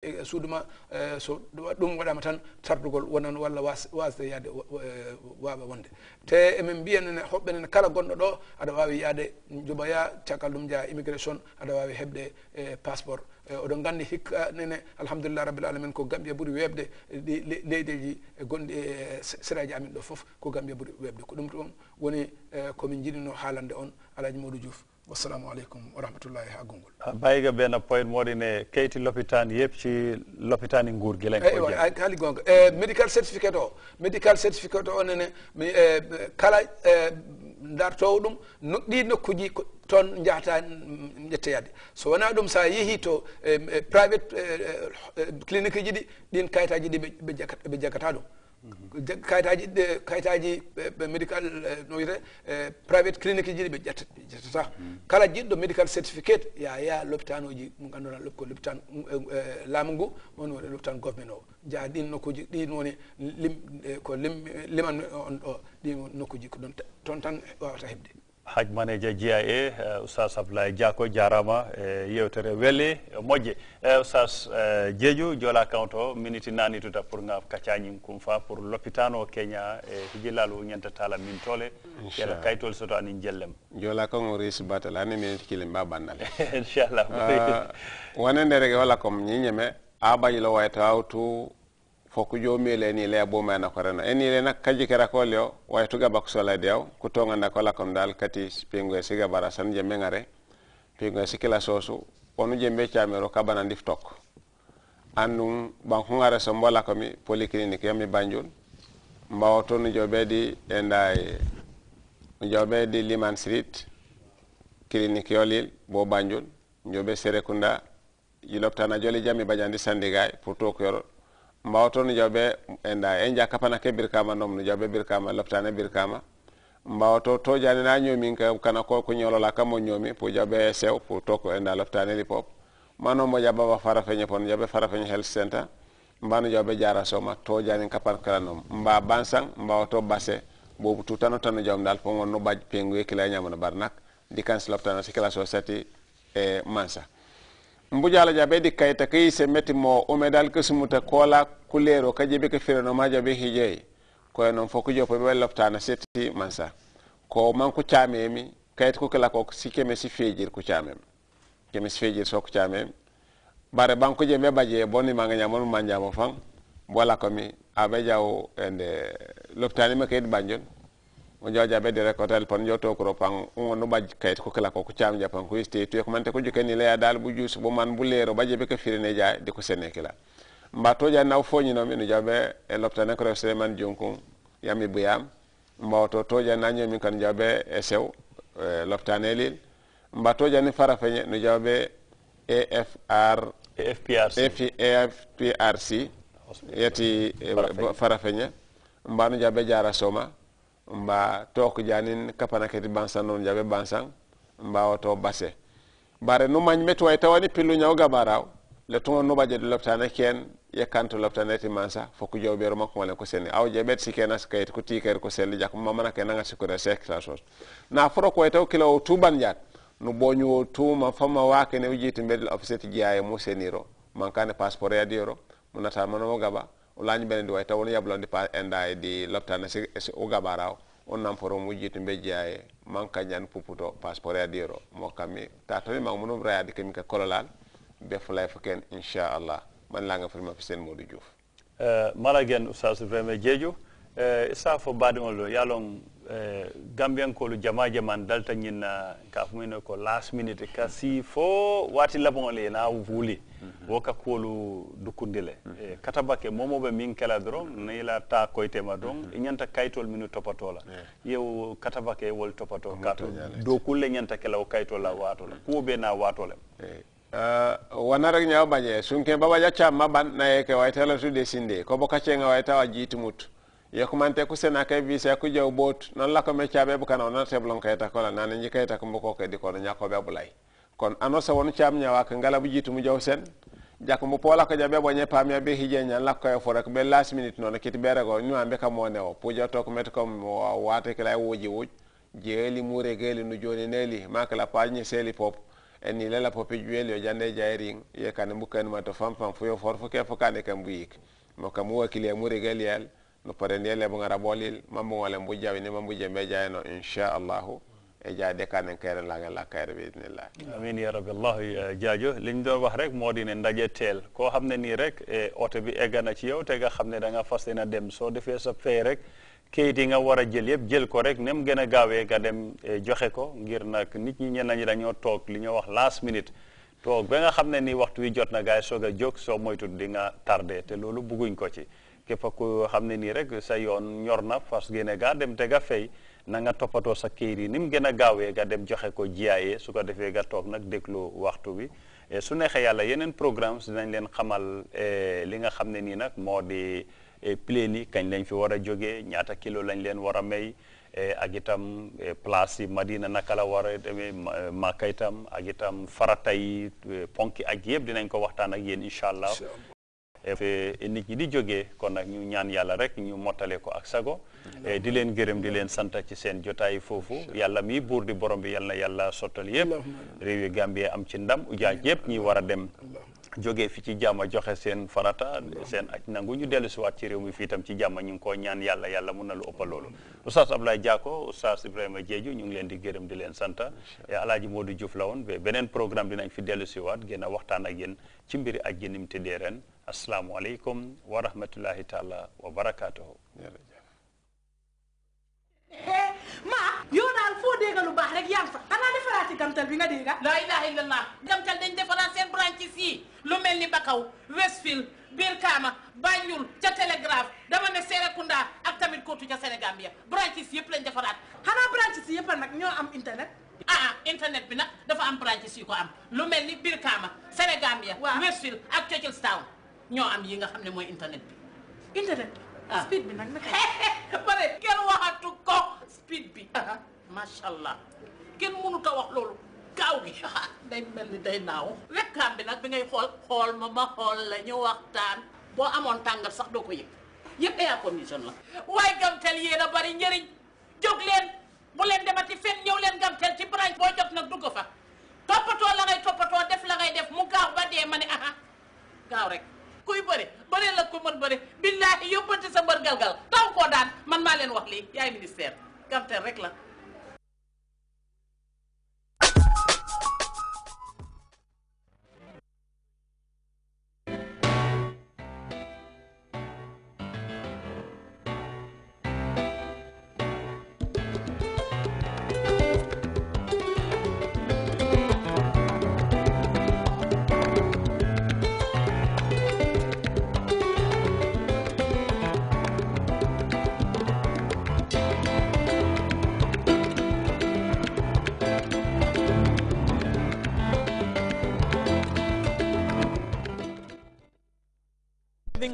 E suudu ma e, so ɗum waɗama tan tardugol wonan walla wasde yaade e, waawa wonde te emin mbiyanene hoɓɓenene kala gonɗo ɗo aɗa wawi yaade jubaya cakal ɗum jeya immigration aɗa wawi heɓde passeport oɗon gandi hikka nene alhamdulillah rabbil alamin ko gambia ɓuuri webde leydeji gonɗi e séraji amin ɗo foof ko gambia ɓuuri webde ko ɗum ɗon woni komin jiɗino haalande on alaji mawɗou diouf wasalaamaaleykum wa rahmatullahi ak gungul ah, bàyyi nga benn point moo di ne kayiti lopitaan yëpp ci lopitaani nguur gi lañ ko eh, jël haali gonga eh, médical certificate o médical certificate o nene eh, kala dartowo ɗum ɗi nokkuji toon jahata ƴettoyade so wona ɗum sa yeehi to private clinique ji ɗin kayitaji ɗi ɓe jakkata ɗum kayitaji kayitaji eh, médical eh, no wiyete eh, private clinique ji ɗi ɓe ƴettata kala jiɗɗo médical certificate ya yaha l'hôpital uji mo ganduɗa ko l'hôpital laamu ngu on woni l'hôpital government o jaa ɗin nokkuji ɗin woni lim ko lim liman on ɗo ɗin nokkuji ko ɗon toon tan wawata heɓde haj manager GIA uh, eh, Ustaz Abdoulaye Diako jarama e yewtere welle eh, moƴƴe e Ustaz Jeeju joola kawnto miniti nanituta pour nga kaccañim kum fa pour l'hôpital o Kenya e hijilal o ñanta tala min tole kela kaytol soto anin jellem joola kango resi batal ani miniti kilim ba bannale inchallah ah, wonende rege wala comme ñiñeme abaji lo wayta awtu fo ko ni le niile a ɓuumana ko reno e niile nak kaji ke rakole o way tuga baksolade o ko tonganda kola kom dal kati pingo e siga bara san je mengare pingo e sikila soosu onu je me mbe ro kabana ndif tok anu ba ko ngara so mbola ko mi poliklinik yami banjul mbawo to nu joɓeedi e nday nu joɓeedi liman street clinique yolil bo banjul jobe joɓe sérékunda yiloptana joli jami bajandi sandigay pour tok ko mbawa toon joɓe enda en ke birkama nomno joɓe birkama loptane birkama mbawa to tojani na ñoomin kana ko ko ñolola kammo ñoomi pour joɓe sew pour toko enda loptaneli pop mano mo jaɓaba farafeñe pon joɓe farafeñe health center mbano joɓe jara soma tojani kapan kala nom mba bansan mbawa to base bobu tutano tano jom dal pomon no baj pengu e kila ñamono barnak di kan loptano sikila so sati e eh, mansa mbujala jabe di kayta se semeti mo ke sumuta kola kulero ka jibe ke no ma jabe hije ko noon fo ko jopo be loftana setti mansa ko manko kayt kayit kala ko sike me si fejir ku ke me si feejir soko camem bare ku je baje boni ma nganya mon manja mo fan bola komi aɓe jaw ende me kayt banjon o jajaɓe dere kotal pon jottokuro pan wonu ɓaj kayit ko kala koko cam japan ko isti tuye ko mante ko jukeni leya dal bu juus bo man bu leero ɓaje ɓe naw foñinomi no jaɓe e loptane ko rew souleymane jonkun yami buyam mbaw to toja nañomin kan jaɓe e sew loptane lil mba tojani fara feñe no jaɓe afr afprc mba tok janin kapana keti bansan non jabe bansan mba oto base bare no mañ metu way tawani pilu nyaw gabaraw le tungo nuba jedu loptane ken ye kanto loptane ti mansa foku jobe ro ma wala ko sen aw je bet sikena skayit ko tiker ko sel jak ma mana ken nga sikore sek sa sos na foro ko eto kilo tuban jat no boñu o tuma fama wake ne ujiti mbedel office ti mo seniro man kane passeport ya dioro munata manomo gaba lañu bene ndi wayta wonu yablandi pa endaye di loptana si ugabaraw on namporo mu jitu mbejiyaye manka ñan puputo passeport ya diro mo kammi tatami mag munum rayadi kemi ka kololal be fulay fo ken inchallah man langa firma fi sen modou diouf euh, mala gen oustaz vraiment jeejo sa fo baadiŋol lo ye a loŋ euh, gambiyankolu jama jaman dalta ñin na ka fo ko last minute ka si fo waati labaŋol ye na Mm-hmm. woka kuolu dukkundile mm-hmm. eh, kata bake momoɓe min kela dron mm-hmm. nayila ta koytema don ñanta kaytol minu topatola yew kata bake wol topato kat dow kulle ñanta kela o kaytola watola kuoɓe na watolem eh, uh, wona rek ñaw baƴe sunke baba jaccama ban naye ke way tala sude sinde kobo kaccenga way tawa jiitimut yekumante ku sena kay bise ku jaw boot non la ko me caɓeɓe kana onona teblonkayta kola nane jikayta ko mbokoke dikono ñakkoɓe abulay kon anose wonu cam ñawa ka ngala bu jitu mu jaw sen mu pola ko jabe pam ya be hije nyan la ko rek be last minute non kit rego go nyu ambe ka mo neew pu to tok met ko waate lay wuji wuj jeeli mu geeli nu joni la pa ñe seli pop en ni la popi jueli yo jande jairing ye kan ken ma to fam fam yo for fu ke fo kane kam buik mo kam wakile mu geeli yal no pare ndele bo ngara bolil mambo wala jawi ne mambo jembe jayno insha e jaade kamen kayre lagal la kayre be idnillah amin ya rabbi allah e, jaajo liñ doon wax rek moo di ne ndaje teel koo xam ne nii rek e, oto bi egg na ci yow te nga xam ne da nga fas yéene dem soo defee sa fee rek kayit yi nga war a jël yëpp jël ko rek nem gën a gaawee nga dem e, joxe ko ngir nag nit ñi ñenn ñi dañoo toog li ñoo wax last minute toog ba nga xam ne nii waxtu wi jot na gaay soog a jóg soo moytu di nga tardé te loolu bugguñ ko ci képp ku xam ne nii rek sa yoon ñor na fas yéene gaa dem te fay na nga toppatoo sa kayit yi ni mu gën a gaawee nga dem joxe ko jiyaaye su ko defee nga toog nag déglu waxtu wi su neexee yàlla yeneen programmes dinañ leen xamal eh, li nga xam ne nii nag moo di eh, plé ni kañ lañ fi war a jógee ñaata kilo lañ leen war a may eh, ak itam place yi Madina naka la war a demee Màkka itam ak itam farata yi ponki ak yëpp dinañ ko waxtaan ak yéen incha allah nit ñi di jógee kon nag ñu ñaan yàlla rek ñu mottale ko ak sago eh, di leen gërëm di leen sant ci seen jotaay foofu yàlla mi buur di borom bi yal na yàlla sottal yëpp réew yi Gambie am ci ndam ujaaj yëpp ñi war a dem jógee fi ci jàmm joxe seen farata seen aj nangu ñu dellu si waat ci réew mi fi tam ci jàmm ñu ngi koo ñaan yàlla yàlla mun na lu ëppal loolu oustaz Ablaye Diako oustaz Ibrahima Jeeju ñu ngi leen di gërëm di leen sant eh, alaaji Modou Diouf la woon ba beneen programme dinañ fi dellu si waat gën a waxtaan ak yéen ci mbiri aj gi ni mu ren asalaamualeykum wa rahmatullahi taala wa barakaatuhu. maa yow daal foo dégg lu baax rek yaa ngi fa xanaa defaraat ci gamtal bi nga dégg ah. laa ilaha illallah gamtal dañ defaraat seen branches yi lu mel ni Bakaw Westfield Birkama Banjul ca Télégraphe dama ne Serekunda ak tamit kootu ca Sénégambia branches yëpp lañ defaraat. xanaa branches yëpp nag ñoo am internet. Ah, ah internet bi nag dafa am branches yu ko am lu mel ni Birkama Sénégambia. waaw Westfield ak Churchill's Town ñoo am yi nga xam ne mooy internet bi. internet bi ah speed bi nag naka la. pare waxatu ko speed bi. macha allah kenn mënut a wax loolu gaaw gi day mel ni day naaw. webcam bi nag bi ngay xool xool ma ma xool la ñu waxtaan boo amoon tàngat sax doo ko yëg yëpp air condition la. waaye Gamtel yéen a bari njëriñ jóg leen bu leen demati fenn ñëw leen Gamtel ci branche boo jot nag dugg fa toppatoo la ngay toppatoo def la ngay def mu gaaw ba dee ma ne gaaw rek. kuy bëre bëree la ko mën bëre billaahi yóbbante sa mbër galgal taw koo daan man maa leen wax lii yaay ministère gamteel rek la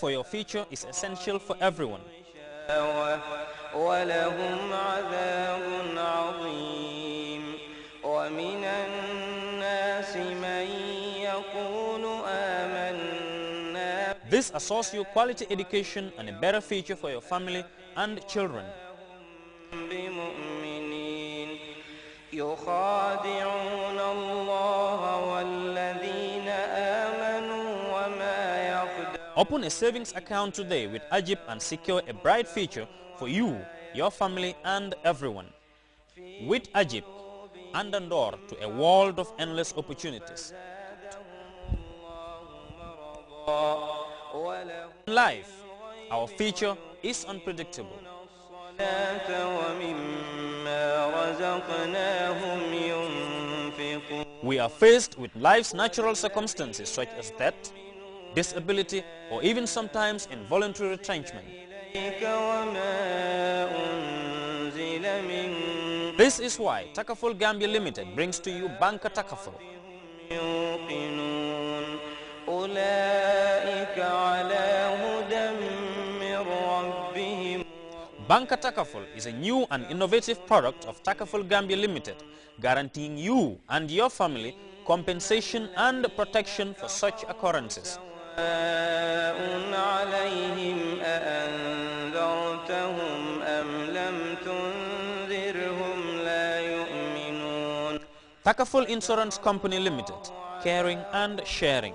for your future is essential for everyone. This assures you quality education and a better future for your family and children. يخادعون الله Open a savings account today with Ajib and secure a bright future for you, your family and everyone. With Ajib, and a door to a world of endless opportunities. In life, our future is unpredictable. We are faced with life's natural circumstances such as death, disability or even sometimes involuntary retrenchment. This is why Takaful Gambia Limited brings to you Banka Takaful. Banka Takaful is a new and innovative product of Takaful Gambia Limited, guaranteeing you and your family compensation and protection for such occurrences. سواء Takaful Insurance Company Limited, caring and sharing.